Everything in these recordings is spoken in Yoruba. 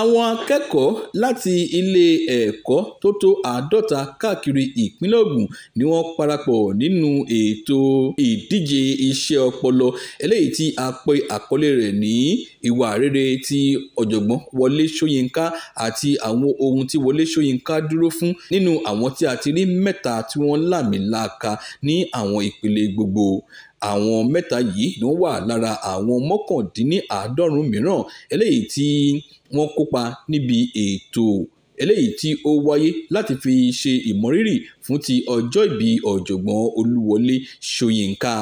àwọn akẹ́kọ̀ọ́ láti ilé ẹ̀kọ́ tó tó àádọ́ta káàkiri ìpínlẹ̀ Ògùn ni wọ́n parapọ̀ nínú ètò ìdíje iṣẹ́ ọpọlọ eléyìí tí a pè àkọlé rẹ̀ ní ìwà rere ti ọ̀jọ̀gbọ́n Wọlé Ṣóyínká àti àwọn ohun tí Wọlé Ṣóyínká dúró fún nínú àwọn tí a ti rí mẹ́ta tí wọ́n láàmì láàka ní àwọn ìpele gbogbo àwọn mẹ́ta yìí ni wọ́n wà lára àwọn mọ́kàndínláàádọ́rùn mìíràn eléyìí tí wọ́n kópa níbi ètò eléyìí tí ó wáyé láti fi ṣe ìmọrírì fún ti ọjọ́ ìbí ọ̀jọ̀gbọ́n Olúwọlé Ṣóyínká.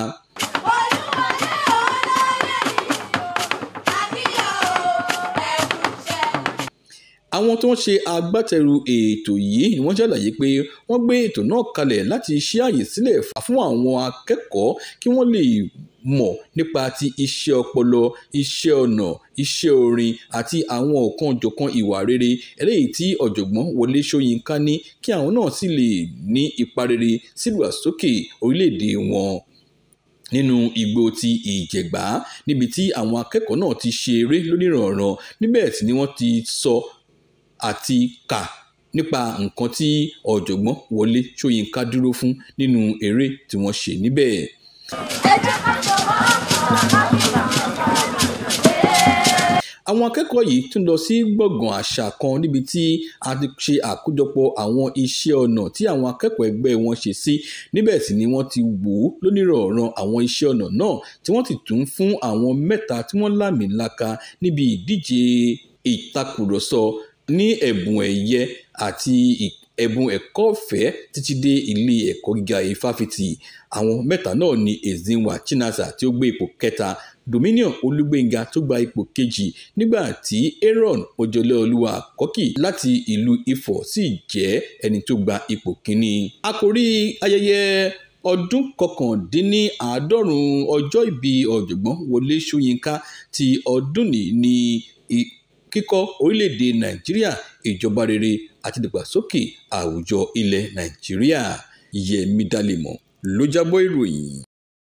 àwọn tó ń ṣe agbátẹrù ètò yìí ni wọ́n ṣàlàyé pé wọ́n gbé ètò náà kalẹ̀ láti ṣí àyè sílẹ̀ fún àwọn akẹ́kọ̀ọ́ kí wọ́n lè mọ̀ nípa ti iṣẹ́ ọpọlọ iṣẹ́ ọnà iṣẹ́ orin àti àwọn ọ̀kan-ò-jọ̀kan ìwà rere eléyìí tí ọ̀jọ̀gbọ́n Wọlé Ṣóyínká ní kí àwọn náà sì lè ní ipa rere sílùwàsókè orílẹ̀-èdè wọn nínú igbó ti Ìjẹ̀gbá níbi tí àwọn akẹ́kọ̀ọ́ náà ti ṣe eré lónìrànràn níbẹ̀ tí ni wọ́n ti sọ àti kà nípa nǹkan tí ọ̀jọ̀gbọ́n Wọlé Ṣóyínká dúró fún nínú eré tí wọ́n ṣe níbẹ̀. ẹ jẹ́ ká jọ̀wọ́ bàbá mi àwọn akẹ́kọ̀ọ́ yìí tún lọ sí gbọ̀ngàn àṣà kan níbi tí a ti ṣe àkójọpọ̀ àwọn iṣẹ́ ọnà tí àwọn akẹ́kọ̀ọ́ ẹgbẹ́ wọn ṣe sí níbẹ̀ sì ni wọ́n ti wò ó lónìrọ̀ràn àwọn iṣẹ́ ọnà náà tí wọ́n ti tún fún àwọn mẹ́ta tí wọ́n láàmì níbi ìdíje ìtakùrọ̀sọ ní ẹ̀bùn ẹ̀yẹ àti ẹ̀bùn ẹ̀kọ́ ọ̀fẹ́ títí dé ilé ẹ̀kọ́ gíga ìfáfitì àwọn mẹ́ta náà ni Ezinwa Chinasa tí ó gbé ipò kẹta Dominion Olúgbénga tó gba ipò kejì nígbà tí Aaron Ojúlẹ̀olúwa Àkọ́kì láti ìlú Ifọ̀ sì jẹ́ ẹni tó gba ipò kínní. Àkòrí ayẹyẹ ọdún kọkàndínláàádọ́rùn-ún ọjọ́ ìbí ọ̀jọ̀gbọ́n Wọlé Ṣóyínká ti ọdún nìí ni kíkọ́ orílẹ̀-èdè nàìjíríà ìjọba rere àti ìdàgbàsókè àwùjọ ilẹ̀ nàìjíríà yẹmi dalemo ló jábọ̀ ìròyìn.